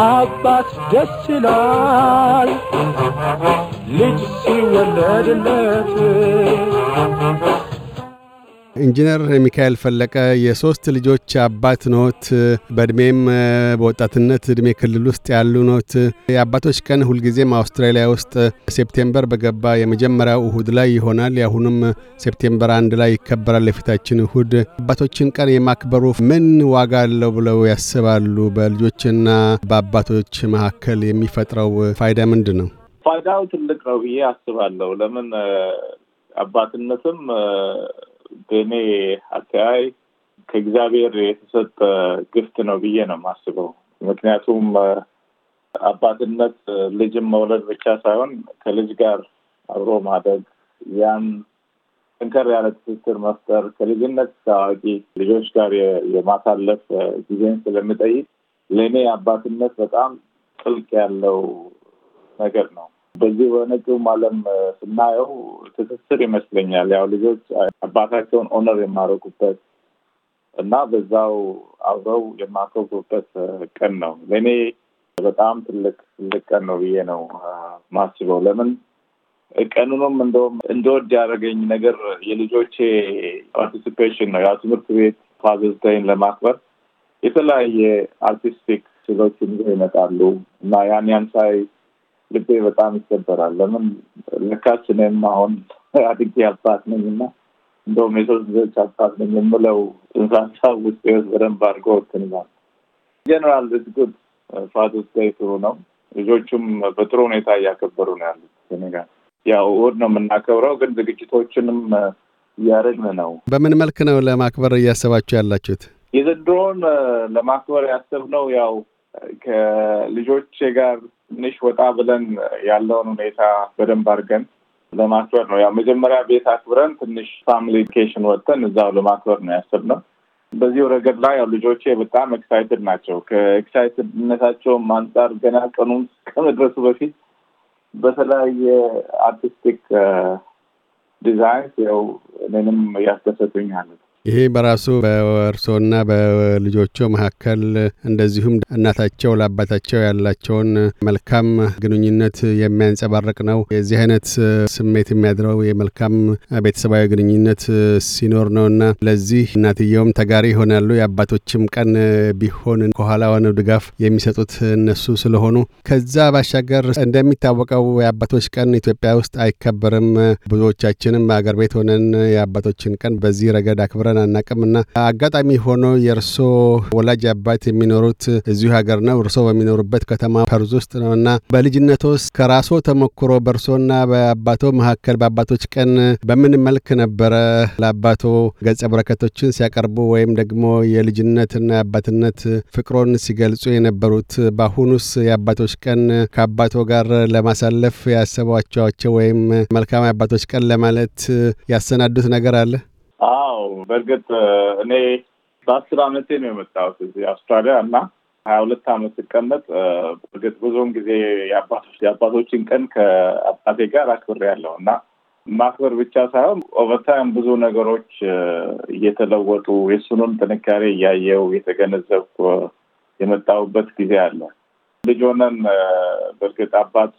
አባት ደስ ይላል ልጅ ሲወለድለት ኢንጂነር ሚካኤል ፈለቀ የሶስት ልጆች አባት ኖት። በእድሜም በወጣትነት እድሜ ክልል ውስጥ ያሉ ኖት። የአባቶች ቀን ሁልጊዜም አውስትራሊያ ውስጥ ሴፕቴምበር በገባ የመጀመሪያው እሁድ ላይ ይሆናል። የአሁኑም ሴፕቴምበር አንድ ላይ ይከበራል። የፊታችን እሁድ አባቶችን ቀን የማክበሩ ምን ዋጋ አለው ብለው ያስባሉ? በልጆችና በአባቶች መካከል የሚፈጥረው ፋይዳ ምንድን ነው? ፋይዳው ትልቅ ነው ብዬ አስባለሁ። ለምን አባትነትም በእኔ አተያይ ከእግዚአብሔር የተሰጠ ግፍት ነው ብዬ ነው የማስበው። ምክንያቱም አባትነት ልጅም መውለድ ብቻ ሳይሆን ከልጅ ጋር አብሮ ማደግ፣ ያን ጠንከር ያለ ትስስር መፍጠር፣ ከልጅነት ታዋቂ ልጆች ጋር የማሳለፍ ጊዜን ስለምጠይቅ ለእኔ አባትነት በጣም ጥልቅ ያለው ነገር ነው። በዚህ በነጩም ዓለም ስናየው ትስስር ይመስለኛል። ያው ልጆች አባታቸውን ኦነር የማረጉበት እና በዛው አብረው የማከብሩበት ቀን ነው። ለእኔ በጣም ትልቅ ትልቅ ቀን ነው ብዬ ነው ማስበው። ለምን ቀኑንም እንደውም እንደወድ ያደረገኝ ነገር የልጆቼ ፓርቲሲፔሽን ነው። ያ ትምህርት ቤት ፋዘርስ ዴይን ለማክበር የተለያየ አርቲስቲክ ስሎች ይመጣሉ እና ያን ያን ሳይ ልቤ በጣም ይሰበራል። ለምን ልካች እኔም አሁን አድጌ አባት ነኝ እና እንደውም የሶስት ልጆች አባት ነኝ የምለው ጽንሰ ውስጥ ወት በደንብ አድርጎ ወትንዛል። ጀነራል ዝግብ ፋቶስ ላይ ጥሩ ነው። ልጆቹም በጥሩ ሁኔታ እያከበሩ ነው ያሉት ሴኔጋል። ያው እሑድ ነው የምናከብረው፣ ግን ዝግጅቶችንም እያደረግን ነው። በምን መልክ ነው ለማክበር እያሰባችሁ ያላችሁት? የዘንድሮን ለማክበር ያሰብነው ያው ከልጆቼ ጋር ትንሽ ወጣ ብለን ያለውን ሁኔታ በደንብ አድርገን ለማክበር ነው። ያው መጀመሪያ ቤት አክብረን ትንሽ ፋሚሊ ኬሽን ወጥተን እዛው ለማክበር ነው ያሰብነው። በዚሁ ረገድ ላይ ያው ልጆቼ በጣም ኤክሳይትድ ናቸው። ከኤክሳይትድነታቸውም አንጻር ገና ቀኑን ከመድረሱ በፊት በተለያየ አርቲስቲክ ዲዛይን uh, ያው እኔንም ያስደሰቱኝ አለት ይሄ በራሱ በእርሶና በልጆቹ መካከል እንደዚሁም እናታቸው ለአባታቸው ያላቸውን መልካም ግንኙነት የሚያንጸባርቅ ነው። የዚህ አይነት ስሜት የሚያድረው የመልካም ቤተሰባዊ ግንኙነት ሲኖር ነው ለዚህ እናትየውም ተጋሪ ይሆናሉ። የአባቶችም ቀን ቢሆን ከኋላ ሆነው ድጋፍ የሚሰጡት እነሱ ስለሆኑ፣ ከዛ ባሻገር እንደሚታወቀው የአባቶች ቀን ኢትዮጵያ ውስጥ አይከበርም። ብዙዎቻችንም አገር ቤት ሆነን የአባቶችን ቀን በዚህ ረገድ አክብረ አብረን አናቅምና አጋጣሚ ሆኖ የእርሶ ወላጅ አባት የሚኖሩት እዚሁ ሀገር ነው። እርሶ በሚኖሩበት ከተማ ፐርዝ ውስጥ ነው እና በልጅነቶ ውስጥ ከራሶ ተሞክሮ በእርሶና በአባቶ መካከል በአባቶች ቀን በምን መልክ ነበረ ለአባቶ ገጸ በረከቶችን ሲያቀርቡ ወይም ደግሞ የልጅነትና የአባትነት ፍቅሮን ሲገልጹ የነበሩት? በአሁኑስ የአባቶች ቀን ከአባቶ ጋር ለማሳለፍ ያሰቧቸዋቸው ወይም መልካም የአባቶች ቀን ለማለት ያሰናዱት ነገር አለ? በእርግጥ እኔ በአስር አመቴ ነው የመጣሁት እዚህ አውስትራሊያ እና ሀያ ሁለት አመት ስቀመጥ በእርግጥ ብዙውን ጊዜ የአባቶችን ቀን ከአባቴ ጋር አክብሬ ያለው እና ማክበር ብቻ ሳይሆን ኦቨርታይም ብዙ ነገሮች እየተለወጡ የሱንም ጥንካሬ እያየው የተገነዘብኩ የመጣሁበት ጊዜ አለ። ልጅ ሆነን በእርግጥ አባት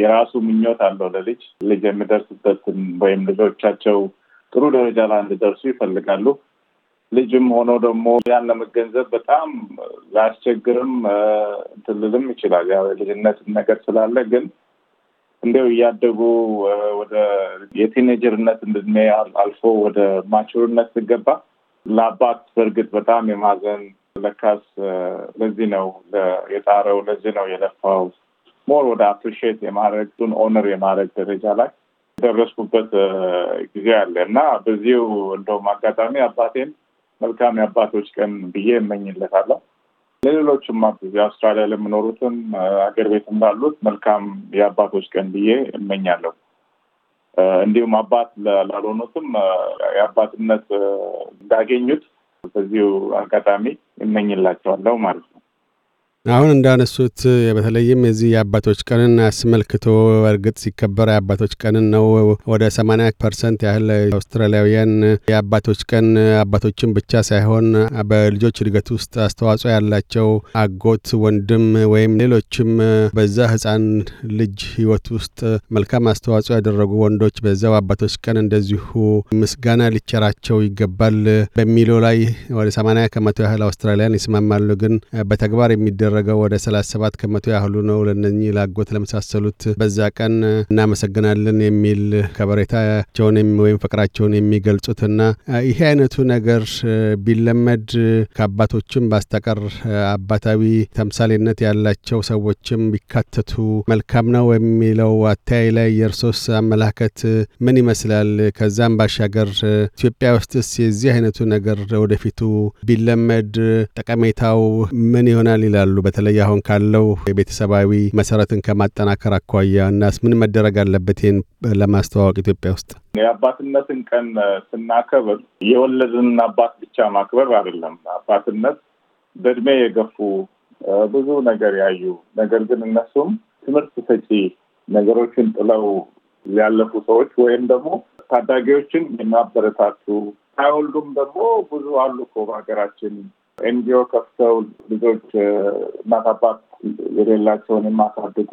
የራሱ ምኞት አለው ለልጅ ልጅ የሚደርስበትን ወይም ልጆቻቸው ጥሩ ደረጃ ላይ እንዲደርሱ ይፈልጋሉ። ልጅም ሆኖ ደግሞ ያን ለመገንዘብ በጣም ላያስቸግርም ትልልም ይችላል። ያው ልጅነት ነገር ስላለ ግን እንዲው እያደጉ ወደ የቲኔጀርነት እድሜ አልፎ ወደ ማቹርነት ስገባ ለአባት በእርግጥ በጣም የማዘን ለካስ ለዚህ ነው የጣረው፣ ለዚህ ነው የለፋው ሞር ወደ አፕሪሺየት የማድረግ ኦነር የማድረግ ደረጃ ላይ ደረስኩበት ጊዜ አለ እና በዚሁ እንደውም አጋጣሚ አባቴን መልካም የአባቶች ቀን ብዬ እመኝለታለሁ። ለሌሎችም አውስትራሊያ ለምኖሩትም አገር ቤት እንዳሉት መልካም የአባቶች ቀን ብዬ እመኛለሁ። እንዲሁም አባት ላልሆኑትም የአባትነት እንዳገኙት በዚሁ አጋጣሚ እመኝላቸዋለሁ ማለት ነው። አሁን እንዳነሱት በተለይም የዚህ የአባቶች ቀንን አስመልክቶ እርግጥ ሲከበር የአባቶች ቀንን ነው። ወደ 80 ፐርሰንት ያህል አውስትራሊያውያን የአባቶች ቀን አባቶችን ብቻ ሳይሆን በልጆች እድገት ውስጥ አስተዋጽኦ ያላቸው አጎት፣ ወንድም ወይም ሌሎችም በዛ ህፃን ልጅ ህይወት ውስጥ መልካም አስተዋጽኦ ያደረጉ ወንዶች በዛው አባቶች ቀን እንደዚሁ ምስጋና ሊቸራቸው ይገባል በሚለው ላይ ወደ 80 ከመቶ ያህል አውስትራሊያን ይስማማሉ። ግን በተግባር የሚደ የተደረገው ወደ 37 ከመቶ ያህሉ ነው። ለነኚህ ላጎት ለመሳሰሉት በዛ ቀን እናመሰግናለን የሚል ከበሬታቸውን ወይም ፍቅራቸውን የሚገልጹትና ይሄ አይነቱ ነገር ቢለመድ ከአባቶችም ባስተቀር አባታዊ ተምሳሌነት ያላቸው ሰዎችም ቢካተቱ መልካም ነው የሚለው አተያይ ላይ የእርሶስ አመላከት ምን ይመስላል? ከዛም ባሻገር ኢትዮጵያ ውስጥስ የዚህ አይነቱ ነገር ወደፊቱ ቢለመድ ጠቀሜታው ምን ይሆናል ይላሉ? በተለይ አሁን ካለው የቤተሰባዊ መሰረትን ከማጠናከር አኳያ እናስ ምን መደረግ አለበት ይህን ለማስተዋወቅ ኢትዮጵያ ውስጥ? የአባትነትን ቀን ስናከብር የወለድን አባት ብቻ ማክበር አይደለም። አባትነት በእድሜ የገፉ ብዙ ነገር ያዩ ነገር ግን እነሱም ትምህርት ሰጪ ነገሮችን ጥለው ያለፉ ሰዎች ወይም ደግሞ ታዳጊዎችን የሚያበረታቱ ሳይወልዱም ደግሞ ብዙ አሉ እኮ በሀገራችን ኤንጂኦ ከፍተው ልጆች እናት አባት የሌላቸውን የማሳድጉ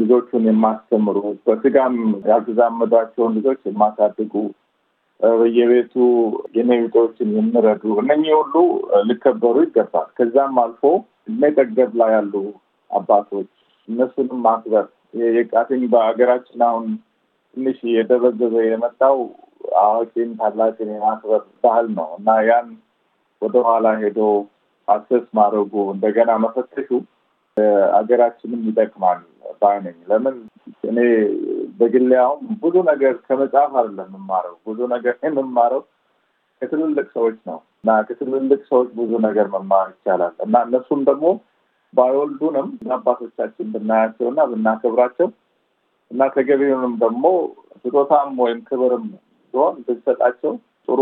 ልጆቹን የማስተምሩ በስጋም ያልተዛመዷቸውን ልጆች የማሳድጉ በየቤቱ የኔቢጤዎችን የሚረዱ እነኚህ ሁሉ ሊከበሩ ይገባል። ከዛም አልፎ መጠገብ ላይ ያሉ አባቶች እነሱንም ማክበር የቃሴኝ በሀገራችን አሁን ትንሽ የደበዘዘ የመጣው አዋቂን ታላቅን የማክበር ባህል ነው እና ያን ወደኋላ ሄዶ አክሰስ ማድረጉ እንደገና መፈተሹ ሀገራችንም ይጠቅማል ባይነኝ። ለምን እኔ በግሌ ብዙ ነገር ከመጽሐፍ አይደለም የምማረው፣ ብዙ ነገር የምማረው ከትልልቅ ሰዎች ነው እና ከትልልቅ ሰዎች ብዙ ነገር መማር ይቻላል እና እነሱም ደግሞ ባይወልዱንም አባቶቻችን ብናያቸው እና ብናከብራቸው እና ተገቢውንም ደግሞ ስጦታም ወይም ክብርም ሲሆን ብንሰጣቸው ጥሩ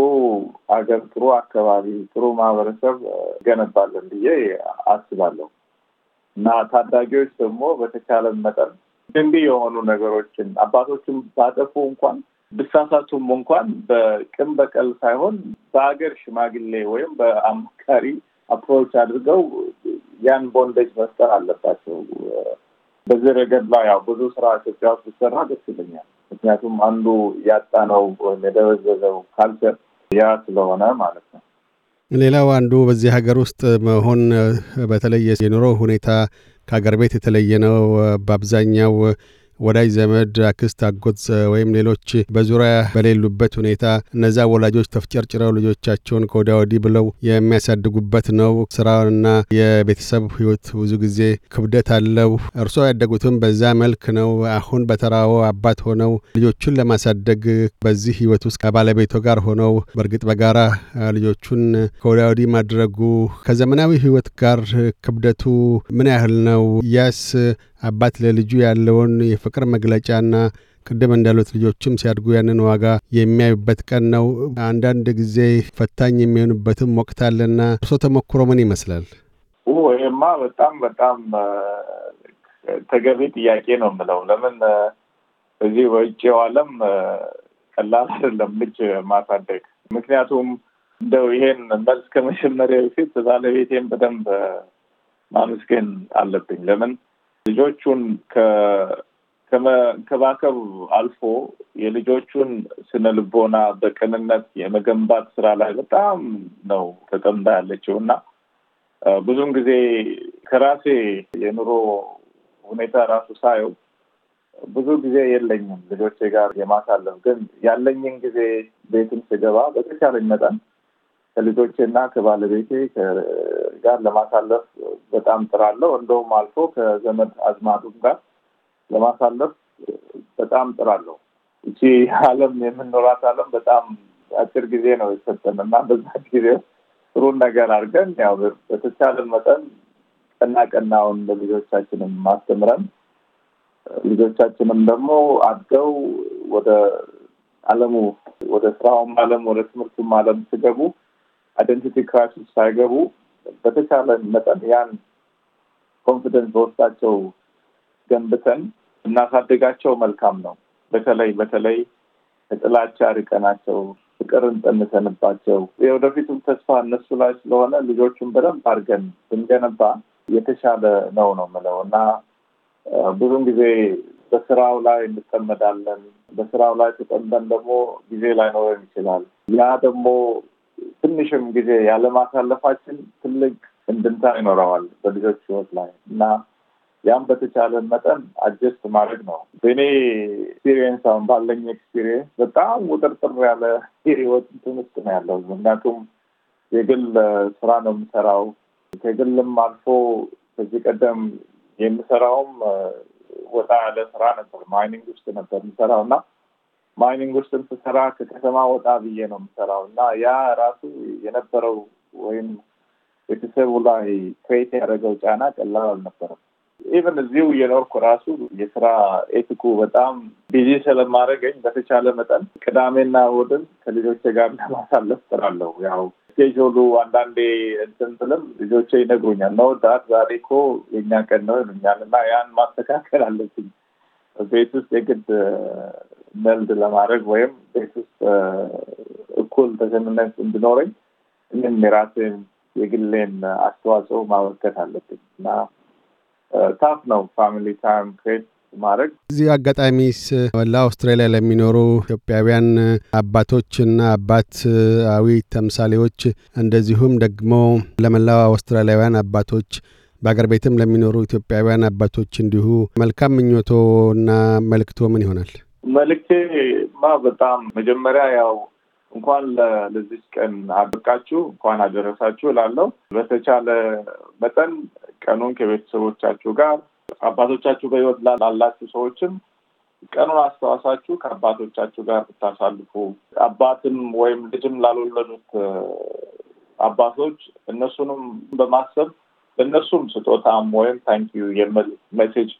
አገር፣ ጥሩ አካባቢ፣ ጥሩ ማህበረሰብ ገነባለን ብዬ አስባለሁ እና ታዳጊዎች ደግሞ በተቻለ መጠን ገንቢ የሆኑ ነገሮችን አባቶችን ባጠፉ እንኳን ብሳሳቱም እንኳን በቅም በቀል ሳይሆን በሀገር ሽማግሌ ወይም በአማካሪ አፕሮች አድርገው ያን ቦንዴጅ መፍጠር አለባቸው። በዚህ ረገድ ላይ ያው ብዙ ስራ ኢትዮጵያ ውስጥ ይሰራ ደስ ይለኛል። ምክንያቱም አንዱ ነው ወይም የደበዘዘው ካልቸር ያ ስለሆነ ማለት ነው። ሌላው አንዱ በዚህ ሀገር ውስጥ መሆን በተለየ የኑሮ ሁኔታ ከሀገር ቤት የተለየ ነው። በአብዛኛው ወዳጅ ዘመድ፣ አክስት፣ አጎት ወይም ሌሎች በዙሪያ በሌሉበት ሁኔታ እነዛ ወላጆች ተፍጨርጭረው ልጆቻቸውን ከወዲያ ወዲህ ብለው የሚያሳድጉበት ነው። ስራና የቤተሰብ ህይወት ብዙ ጊዜ ክብደት አለው። እርሶ ያደጉትም በዛ መልክ ነው። አሁን በተራዎ አባት ሆነው ልጆቹን ለማሳደግ በዚህ ህይወት ውስጥ ከባለቤቶ ጋር ሆነው በእርግጥ በጋራ ልጆቹን ከወዲያ ወዲህ ማድረጉ ከዘመናዊ ህይወት ጋር ክብደቱ ምን ያህል ነው? ያስ አባት ለልጁ ያለውን የፍቅር መግለጫና ቅድም እንዳሉት ልጆችም ሲያድጉ ያንን ዋጋ የሚያዩበት ቀን ነው። አንዳንድ ጊዜ ፈታኝ የሚሆንበትም ወቅት አለና እርሶ ተሞክሮ ምን ይመስላል? ይሄማ በጣም በጣም ተገቢ ጥያቄ ነው የምለው። ለምን እዚህ በውጭው ዓለም ቀላል አይደለም ልጅ ማሳደግ። ምክንያቱም እንደው ይሄን መልስ ከመጀመሪያ በፊት ባለቤቴን በደንብ ማመስገን አለብኝ። ለምን ልጆቹን ከመንከባከብ አልፎ የልጆቹን ስነ ልቦና በቅንነት የመገንባት ስራ ላይ በጣም ነው ተጠምዳ ያለችው እና ብዙም ጊዜ ከራሴ የኑሮ ሁኔታ ራሱ ሳየው ብዙ ጊዜ የለኝም ልጆቼ ጋር የማሳለፍ ግን ያለኝን ጊዜ ቤትም ስገባ በተቻለኝ መጠን ከልጆቼ እና ከባለቤቴ ጋር ለማሳለፍ በጣም ጥራለሁ። እንደውም አልፎ ከዘመድ አዝማዱም ጋር ለማሳለፍ በጣም ጥራለሁ። እቺ ዓለም የምንኖራት ዓለም በጣም አጭር ጊዜ ነው የሰጠን እና በዛ ጊዜ ጥሩን ነገር አድርገን ያው በተቻለን መጠን ቀና ቀናውን ለልጆቻችንም ማስተምረን ልጆቻችንም ደግሞ አድገው ወደ ዓለሙ ወደ ስራውም ዓለም ወደ ትምህርቱም ዓለም ሲገቡ አይደንቲቲ ክራይሲስ ሳይገቡ በተቻለ መጠን ያን ኮንፊደንስ በውስጣቸው ገንብተን እናሳድጋቸው መልካም ነው። በተለይ በተለይ ጥላቻ ርቀናቸው ፍቅር እንጠንሰንባቸው የወደፊቱም ተስፋ እነሱ ላይ ስለሆነ ልጆቹን በደንብ አድርገን ብንገነባ የተሻለ ነው ነው የምለው እና ብዙም ጊዜ በስራው ላይ እንጠመዳለን። በስራው ላይ ተጠምደን ደግሞ ጊዜ ላይኖረን ይችላል። ያ ደግሞ ትንሽም ጊዜ ያለማሳለፋችን ትልቅ እንድንታ ይኖረዋል በልጆች ህይወት ላይ እና ያም በተቻለ መጠን አጀስት ማድረግ ነው። በእኔ ኤክስፒሪየንስ አሁን ባለኝ ኤክስፒሪየንስ በጣም ውጥርጥር ያለ ህይወት እንትን ውስጥ ነው ያለው። ምክንያቱም የግል ስራ ነው የምሰራው። ከግልም አልፎ ከዚህ ቀደም የምሰራውም ወጣ ያለ ስራ ነበር፣ ማይኒንግ ውስጥ ነበር የምሰራው እና ማይኒንግ ውስጥ ስሰራ ከከተማ ወጣ ብዬ ነው የምሰራው እና ያ ራሱ የነበረው ወይም ቤተሰቡ ላይ ክሬት ያደረገው ጫና ቀላል አልነበረም። ኢቨን እዚሁ የኖርኩ ራሱ የስራ ኤቲኩ በጣም ቢዚ ስለማድረገኝ በተቻለ መጠን ቅዳሜና እሑድን ከልጆቼ ጋር ለማሳለፍ ጥራለሁ። ያው ስኬጆሉ አንዳንዴ እንትን ብልም ልጆቼ ይነግሩኛል ነው ዳት ዛሬ እኮ የኛ ቀን ነው ይሉኛል እና ያን ማስተካከል አለብኝ። ቤት ውስጥ የግድ መልድ ለማድረግ ወይም ቤት ውስጥ እኩል ተሰሚነት እንድኖረኝ እኔም የራሴን የግሌን አስተዋጽኦ ማበርከት አለብኝ እና ታፍ ነው ፋሚሊ ታይም ክሬት ማድረግ እዚህ አጋጣሚስ መላ አውስትራሊያ ለሚኖሩ ኢትዮጵያውያን አባቶችና አባታዊ ተምሳሌዎች እንደዚሁም ደግሞ ለመላው አውስትራሊያውያን አባቶች በአገር ቤትም ለሚኖሩ ኢትዮጵያውያን አባቶች እንዲሁ መልካም ምኞቶ እና መልክቶ ምን ይሆናል? መልክቴማ በጣም መጀመሪያ ያው እንኳን ለዚች ቀን አበቃችሁ እንኳን አደረሳችሁ እላለሁ። በተቻለ መጠን ቀኑን ከቤተሰቦቻችሁ ጋር አባቶቻችሁ በሕይወት ላላችሁ ሰዎችም ቀኑን አስተዋሳችሁ ከአባቶቻችሁ ጋር ብታሳልፉ አባትም ወይም ልጅም ላልወለዱት አባቶች እነሱንም በማሰብ ለእነሱም ስጦታም ወይም ታንኪዩ የሚል ሜሴጅ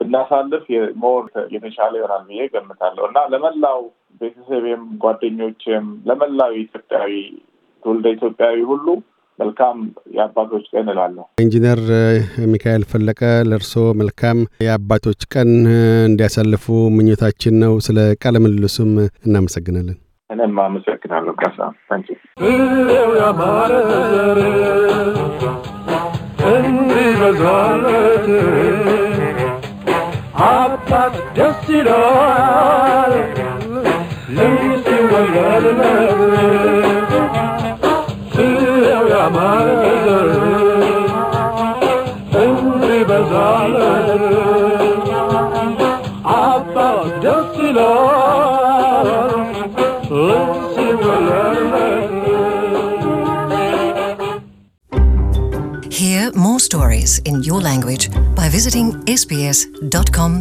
ብናሳልፍ ሞር የተሻለ ይሆናል ብዬ ገምታለሁ እና ለመላው ቤተሰቤም ጓደኞችም ለመላው ኢትዮጵያዊ ትውልደ ኢትዮጵያዊ ሁሉ መልካም የአባቶች ቀን እላለሁ። ኢንጂነር ሚካኤል ፈለቀ ለእርስዎ መልካም የአባቶች ቀን እንዲያሳልፉ ምኞታችን ነው። ስለ ቃለ ምልልሱም እናመሰግናለን። እኔም አመሰግናለሁ። ካሳ ያማረ ዘር እንዲበዛለት Hop, pop, dusty door. Lucy, my love, love, love. Silly, I'm a mother. stories in your language by visiting sbs.com.au.